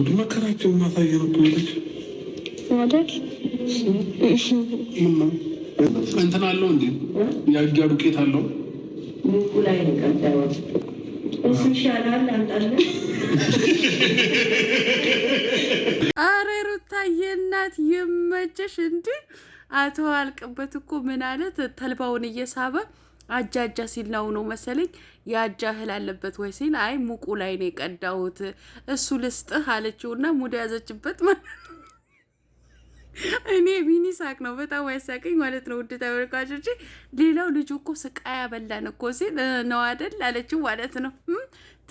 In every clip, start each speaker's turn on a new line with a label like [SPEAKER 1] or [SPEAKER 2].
[SPEAKER 1] ሲመጡ መከራቸው ማሳየ መጥናለች ማለት እንትን አለው እንዴ የአጃ ዱቄት አለው
[SPEAKER 2] አረ ሩታዬ እናት ይመቸሽ። እንዲህ አቶ አልቅበት እኮ ምን አለ ተልባውን እየሳበ አጃጃ ሲል ነው ነው መሰለኝ የአጃ እህል አለበት ወይ ሲል አይ ሙቁ ላይ ነው የቀዳሁት እሱ ልስጥህ አለችው አለችውና ሙድ ያዘችበት ማለት እኔ ሚኒ ሳቅ ነው በጣም ያሳቀኝ ማለት ነው። ውድ ተመልካቾች፣ ሌላው ልጁ እኮ ስቃይ ያበላን እኮ ሲል ነው አደል አለችው ማለት ነው።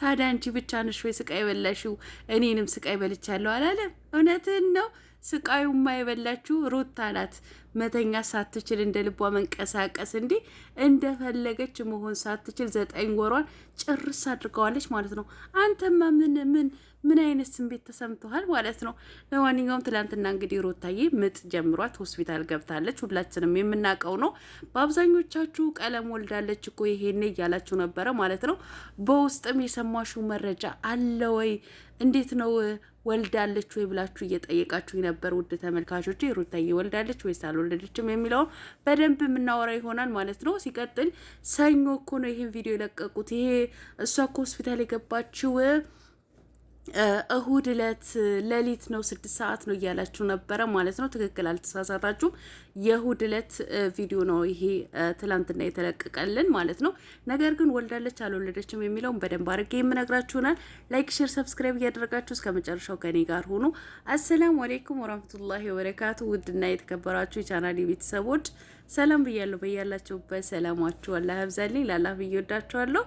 [SPEAKER 2] ታዲያ አንቺ ብቻ ነሽ ወይ ስቃይ በላሽው? እኔንም ስቃይ በልቻለሁ አላለም። እውነትን ነው። ስቃዩማ የበላችሁ ሩታ ናት። መተኛ ሳትችል እንደ ልቧ መንቀሳቀስ እንዲ እንደፈለገች መሆን ሳትችል ዘጠኝ ወሯን ጭርስ አድርገዋለች ማለት ነው። አንተማ ምን ምን ምን አይነት ስሜት ተሰምተዋል ማለት ነው። ለማንኛውም ትላንትና እንግዲህ ሩታዬ ምጥ ጀምሯት ሆስፒታል ገብታለች። ሁላችንም የምናውቀው ነው። በአብዛኞቻችሁ ቀለም ወልዳለች እኮ ይሄኔ እያላችሁ ነበረ ማለት ነው። በውስጥም የሰማሽው መረጃ አለ ወይ እንዴት ነው ወልዳለች ወይ ብላችሁ እየጠየቃችሁ የነበር ውድ ተመልካቾች ሩታዬ ወልዳለች ወይስ አልወለደችም የሚለውን በደንብ የምናወራ ይሆናል ማለት ነው። ሲቀጥል ሰኞ እኮ ነው ይህን ቪዲዮ የለቀቁት። ይሄ እሷ እኮ ሆስፒታል የገባችው እሁድ እለት ሌሊት ነው፣ ስድስት ሰዓት ነው እያላችሁ ነበረ ማለት ነው። ትክክል አልተሳሳታችሁም። የእሁድ እለት ቪዲዮ ነው ይሄ ትላንትና የተለቀቀልን ማለት ነው። ነገር ግን ወልዳለች አልወለደችም የሚለውን በደንብ አድርጌ የምነግራችሁናል። ላይክ፣ ሼር፣ ሰብስክራይብ እያደረጋችሁ እስከ መጨረሻው ከኔ ጋር ሆኑ። አሰላሙ አሌይኩም ወረህመቱላሂ ወበረካቱ። ውድና የተከበራችሁ የቻናል ቤተሰቦች ሰላም ብያለሁ። በያላችሁበት ሰላማችሁ አላህ ያብዛልኝ። ላላህ ብዬ ወዳችኋለሁ።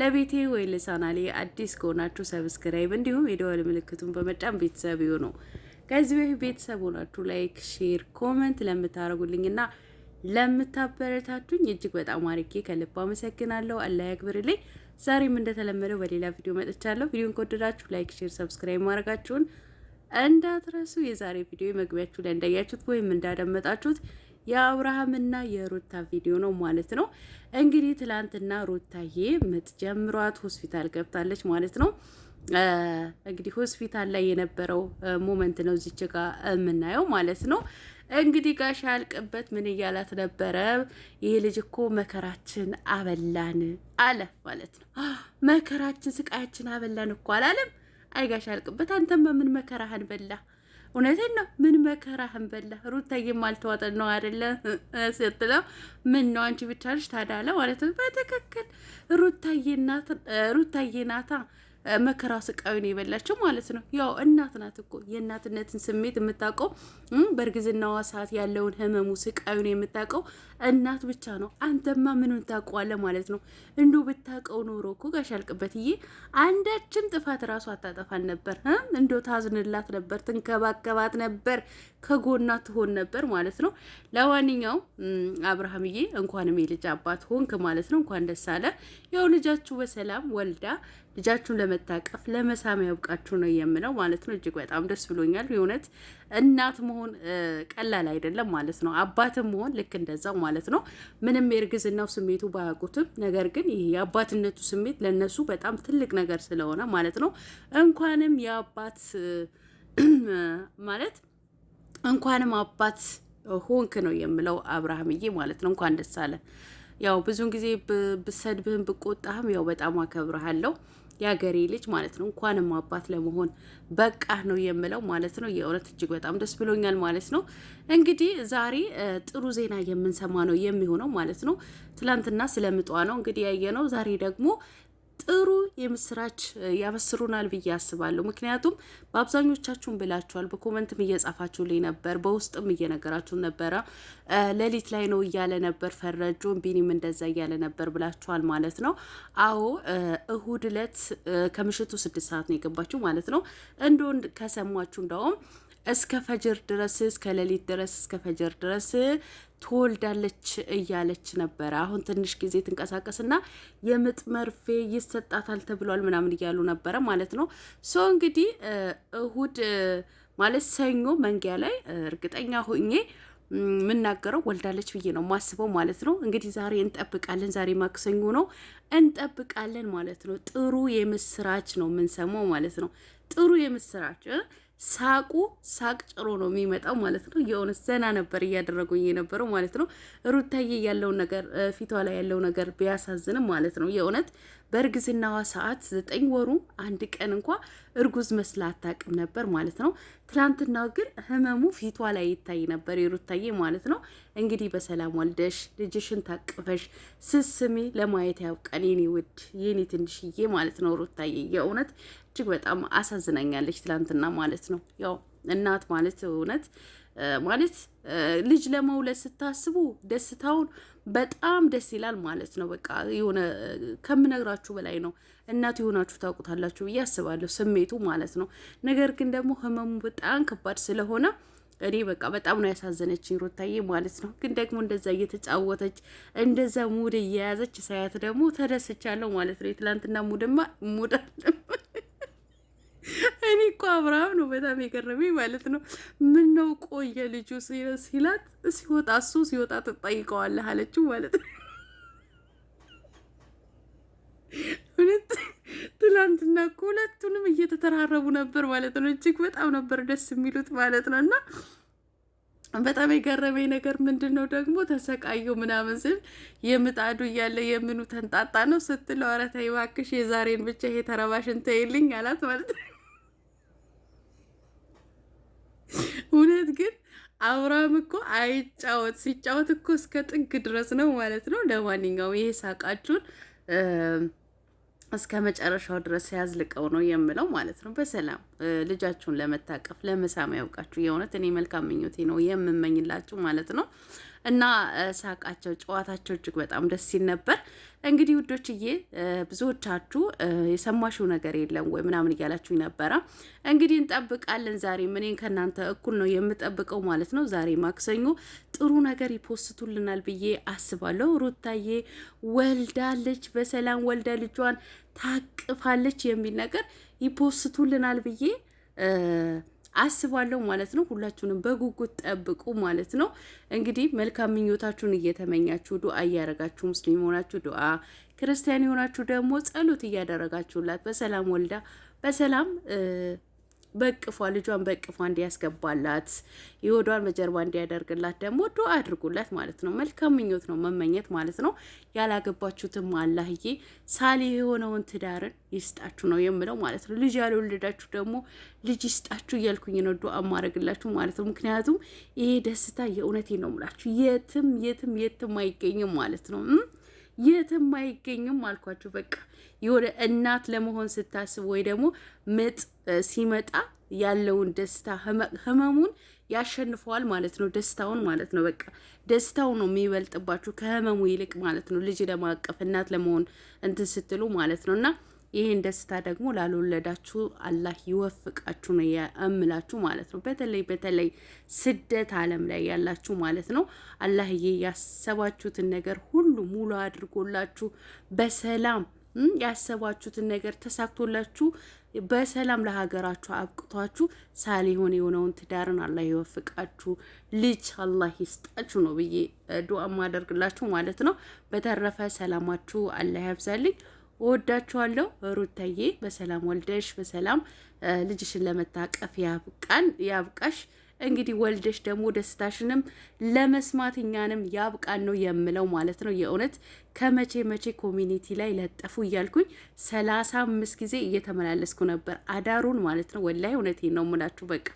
[SPEAKER 2] ለቤቴ ወይ ለቻናሌ አዲስ ከሆናችሁ ሰብስክራይብ እንዲሁም የደወል ምልክቱን በመጫን ቤተሰብ ይሁኑ። ከዚህ በፊት ቤተሰብ ሆናችሁ ላይክ፣ ሼር፣ ኮመንት ለምታደርጉልኝና ለምታበረታቱኝ እጅግ በጣም አርጌ ከልብ አመሰግናለሁ። አላህ ያክብርልኝ። ዛሬም እንደተለመደው በሌላ ቪዲዮ መጥቻለሁ። ቪዲዮን ከወደዳችሁ ላይክ፣ ሼር፣ ሰብስክራይብ ማድረጋችሁን እንዳትረሱ። የዛሬ ቪዲዮ መግቢያችሁ ላይ እንዳያችሁት ወይም እንዳደመጣችሁት የአብርሃምና የሩታ ቪዲዮ ነው ማለት ነው። እንግዲህ ትላንትና ሩታዬ ምጥ ጀምሯት ሆስፒታል ገብታለች ማለት ነው። እንግዲህ ሆስፒታል ላይ የነበረው ሞመንት ነው እዚች ጋ የምናየው ማለት ነው። እንግዲህ ጋሽ ያልቅበት ምን እያላት ነበረ? ይሄ ልጅ እኮ መከራችን አበላን አለ ማለት ነው። መከራችን ስቃያችን አበላን እኮ አላለም? አይ ያልቅበት አንተም በምን መከራህን በላ እውነትን ነው። ምን መከራህን በላ ሩታዬም አልተዋጠን ነው አደለ ስትለው ምን ነው አንቺ ብቻልሽ ታዳለ ማለት ነው። በትክክል ሩታዬ ናታ መከራ ስቃዩን የበላቸው ማለት ነው። ያው እናት ናት እኮ የእናትነትን ስሜት የምታውቀው በእርግዝናዋ ሰዓት ያለውን ህመሙ ስቃዩን የምታውቀው እናት ብቻ ነው። አንተማ ምኑን ታውቀዋለህ ማለት ነው። እንዱ ብታውቀው ኖሮ እኮ ጋሽ አልቅበትዬ አንዳችም ጥፋት ራሱ አታጠፋን ነበር። እንዶ ታዝንላት ነበር፣ ትንከባከባት ነበር፣ ከጎና ትሆን ነበር ማለት ነው። ለማንኛውም አብርሃምዬ እንኳንም የልጅ አባት ሆንክ ማለት ነው። እንኳን ደስ አለ። ያው ልጃችሁ በሰላም ወልዳ ልጃችሁን ለመታቀፍ ለመሳም ያብቃችሁ ነው የምለው ማለት ነው። እጅግ በጣም ደስ ብሎኛል። የእውነት እናት መሆን ቀላል አይደለም ማለት ነው። አባትም መሆን ልክ እንደዛው ማለት ነው። ምንም የእርግዝናው ስሜቱ ባያውቁትም፣ ነገር ግን ይህ የአባትነቱ ስሜት ለእነሱ በጣም ትልቅ ነገር ስለሆነ ማለት ነው እንኳንም የአባት ማለት እንኳንም አባት ሆንክ ነው የምለው አብርሃምዬ ማለት ነው። እንኳን ደስ አለ። ያው ብዙውን ጊዜ ብሰድብህም ብቆጣህም ያው በጣም አከብርሃለሁ። የሀገሬ ልጅ ማለት ነው። እንኳንም አባት ለመሆን በቃህ ነው የምለው ማለት ነው። የእውነት እጅግ በጣም ደስ ብሎኛል ማለት ነው። እንግዲህ ዛሬ ጥሩ ዜና የምንሰማ ነው የሚሆነው ማለት ነው። ትላንትና ስለምጧ ነው እንግዲህ ያየ ነው። ዛሬ ደግሞ ጥሩ የምስራች ያበስሩናል ብዬ አስባለሁ። ምክንያቱም በአብዛኞቻችሁም ብላችኋል፣ በኮመንትም እየጻፋችሁልኝ ነበር፣ በውስጥም እየነገራችሁ ነበረ። ሌሊት ላይ ነው እያለ ነበር ፈረጆ፣ ቢኒም እንደዛ እያለ ነበር ብላችኋል ማለት ነው። አዎ እሁድ እለት ከምሽቱ ስድስት ሰዓት ነው የገባችሁ ማለት ነው። እንደውን ከሰማችሁ እንደውም እስከ ፈጅር ድረስ እስከ ሌሊት ድረስ እስከ ፈጅር ድረስ ትወልዳለች እያለች ነበረ። አሁን ትንሽ ጊዜ ትንቀሳቀስና የምጥ መርፌ ይሰጣታል ተብሏል ምናምን እያሉ ነበረ ማለት ነው። ሶ እንግዲህ እሁድ ማለት ሰኞ መንጊያ ላይ እርግጠኛ ሁኜ የምናገረው ወልዳለች ብዬ ነው ማስበው ማለት ነው። እንግዲህ ዛሬ እንጠብቃለን። ዛሬ ማክሰኞ ነው፣ እንጠብቃለን ማለት ነው። ጥሩ የምስራች ነው የምንሰማው ማለት ነው። ጥሩ የምስራች ሳቁ ሳቅ ጭሮ ነው የሚመጣው ማለት ነው። የሆነ ዘና ነበር እያደረጉኝ የነበረው ማለት ነው። ሩታዬ ያለውን ነገር ፊቷ ላይ ያለው ነገር ቢያሳዝንም ማለት ነው የእውነት በእርግዝናዋ ሰዓት ዘጠኝ ወሩ አንድ ቀን እንኳ እርጉዝ መስላ አታውቅም ነበር ማለት ነው። ትላንትናው ግን ህመሙ ፊቷ ላይ ይታይ ነበር የሩታዬ ማለት ነው። እንግዲህ በሰላም ወልደሽ ልጅሽን ታቅፈሽ ስስሜ ለማየት ያውቀን የኔ ውድ የኔ ትንሽዬ ማለት ነው። ሩታዬ የእውነት እጅግ በጣም አሳዝናኛለች ትላንትና ማለት ነው። ያው እናት ማለት እውነት ማለት ልጅ ለመውለድ ስታስቡ ደስታውን በጣም ደስ ይላል ማለት ነው። በቃ የሆነ ከምነግራችሁ በላይ ነው። እናት የሆናችሁ ታውቁታላችሁ ብዬ አስባለሁ፣ ስሜቱ ማለት ነው። ነገር ግን ደግሞ ህመሙ በጣም ከባድ ስለሆነ እኔ በቃ በጣም ነው ያሳዘነችኝ ሩታዬ ማለት ነው። ግን ደግሞ እንደዛ እየተጫወተች እንደዛ ሙድ እየያዘች ሳያት ደግሞ ተደስቻለሁ ማለት ነው። የትላንትና ሙድማ ሙድ አለም እኔ እኮ አብርሃም ነው በጣም የገረመኝ ማለት ነው። ምን ነው ቆየ ልጁ ሲላት ሲወጣ እሱ ሲወጣ ትጠይቀዋለህ አለችው ማለት ነው። እውነት ትላንትና እኮ ሁለቱንም እየተተራረቡ ነበር ማለት ነው። እጅግ በጣም ነበር ደስ የሚሉት ማለት ነው። እና በጣም የገረመኝ ነገር ምንድን ነው ደግሞ ተሰቃየው ምናምን ስል የምጣዱ እያለ የምኑ ተንጣጣ ነው ስትለው፣ ኧረ ተይ እባክሽ የዛሬን ብቻ ይሄ ተረባሽን ተይልኝ አላት ማለት ነው። አብርሃም እኮ አይጫወት ሲጫወት እኮ እስከ ጥግ ድረስ ነው ማለት ነው። ለማንኛውም ይሄ ሳቃችሁን እስከ መጨረሻው ድረስ ያዝልቀው ነው የምለው ማለት ነው። በሰላም ልጃችሁን ለመታቀፍ ለመሳም ያውቃችሁ። የእውነት እኔ መልካም ምኞቴ ነው የምመኝላችሁ ማለት ነው። እና ሳቃቸው፣ ጨዋታቸው እጅግ በጣም ደስ ሲል ነበር። እንግዲህ ውዶችዬ ብዙዎቻችሁ የሰማሽው ነገር የለም ወይ ምናምን እያላችሁኝ ነበረ። እንግዲህ እንጠብቃለን። ዛሬ እኔን ከእናንተ እኩል ነው የምጠብቀው ማለት ነው። ዛሬ ማክሰኞ ጥሩ ነገር ይፖስቱልናል ብዬ አስባለሁ። ሩታዬ ወልዳለች፣ በሰላም ወልዳ ልጇን ታቅፋለች የሚል ነገር ይፖስቱልናል ብዬ አስባለሁ ማለት ነው። ሁላችሁንም በጉጉት ጠብቁ ማለት ነው። እንግዲህ መልካም ምኞታችሁን እየተመኛችሁ ዱአ እያደረጋችሁ ሙስሊም የሆናችሁ ዱአ ክርስቲያን የሆናችሁ ደግሞ ጸሎት እያደረጋችሁላት በሰላም ወልዳ በሰላም በቅፏ ልጇን በቅፏ እንዲያስገባላት የወዷን በጀርባ እንዲያደርግላት ደግሞ ዱ አድርጉላት ማለት ነው። መልካም ምኞት ነው መመኘት ማለት ነው። ያላገባችሁትም አላህዬ ሳሌ የሆነውን ትዳርን ይስጣችሁ ነው የምለው ማለት ነው። ልጅ ያልወለዳችሁ ደግሞ ልጅ ይስጣችሁ እያልኩኝ ነው ዱዓ አማረግላችሁ ማለት ነው። ምክንያቱም ይሄ ደስታ የእውነቴ ነው ምላችሁ የትም የትም የትም አይገኝም ማለት ነው። የትም አይገኝም አልኳችሁ በቃ የሆነ እናት ለመሆን ስታስብ ወይ ደግሞ ምጥ ሲመጣ ያለውን ደስታ ህመሙን ያሸንፈዋል ማለት ነው። ደስታውን ማለት ነው። በቃ ደስታው ነው የሚበልጥባችሁ ከህመሙ ይልቅ ማለት ነው። ልጅ ለማቀፍ እናት ለመሆን እንትን ስትሉ ማለት ነው እና ይህን ደስታ ደግሞ ላልወለዳችሁ አላህ ይወፍቃችሁ ነው የምላችሁ ማለት ነው። በተለይ በተለይ ስደት ዓለም ላይ ያላችሁ ማለት ነው አላህዬ ያሰባችሁትን ነገር ሁሉ ሙሉ አድርጎላችሁ በሰላም ያሰባችሁትን ነገር ተሳክቶላችሁ በሰላም ለሀገራችሁ አብቅቷችሁ ሳሊሆን የሆነውን ትዳርን አላህ ይወፍቃችሁ፣ ልጅ አላህ ይስጣችሁ ነው ብዬ ዱዓ ማደርግላችሁ ማለት ነው። በተረፈ ሰላማችሁ አላህ ያብዛልኝ። እወዳችኋለሁ። ሩታዬ በሰላም ወልደሽ በሰላም ልጅሽን ለመታቀፍ ያብቃን ያብቃሽ። እንግዲህ ወልደሽ ደግሞ ደስታሽንም ለመስማት እኛንም ያብቃን ነው የምለው ማለት ነው። የእውነት ከመቼ መቼ ኮሚኒቲ ላይ ለጠፉ እያልኩኝ ሰላሳ አምስት ጊዜ እየተመላለስኩ ነበር አዳሩን ማለት ነው። ወላይ እውነቴን ነው የምላችሁ በቃ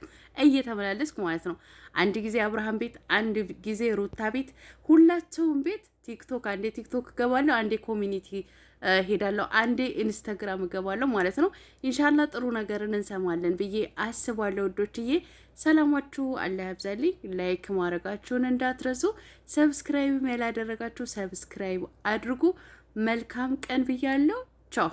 [SPEAKER 2] እየተመላለስኩ ማለት ነው። አንድ ጊዜ አብርሃም ቤት፣ አንድ ጊዜ ሩታ ቤት፣ ሁላቸውም ቤት ቲክቶክ አንዴ ቲክቶክ እገባለሁ አንዴ ኮሚኒቲ ሄዳለሁ። አንዴ ኢንስታግራም እገባለሁ ማለት ነው። ኢንሻላ ጥሩ ነገርን እንሰማለን ብዬ አስባለሁ። ወዶችዬ ሰላማችሁ አላህ ያብዛልኝ። ላይክ ማድረጋችሁን እንዳትረሱ፣ ሰብስክራይብ ያላደረጋችሁ ሰብስክራይብ አድርጉ። መልካም ቀን ብያለሁ። ቻው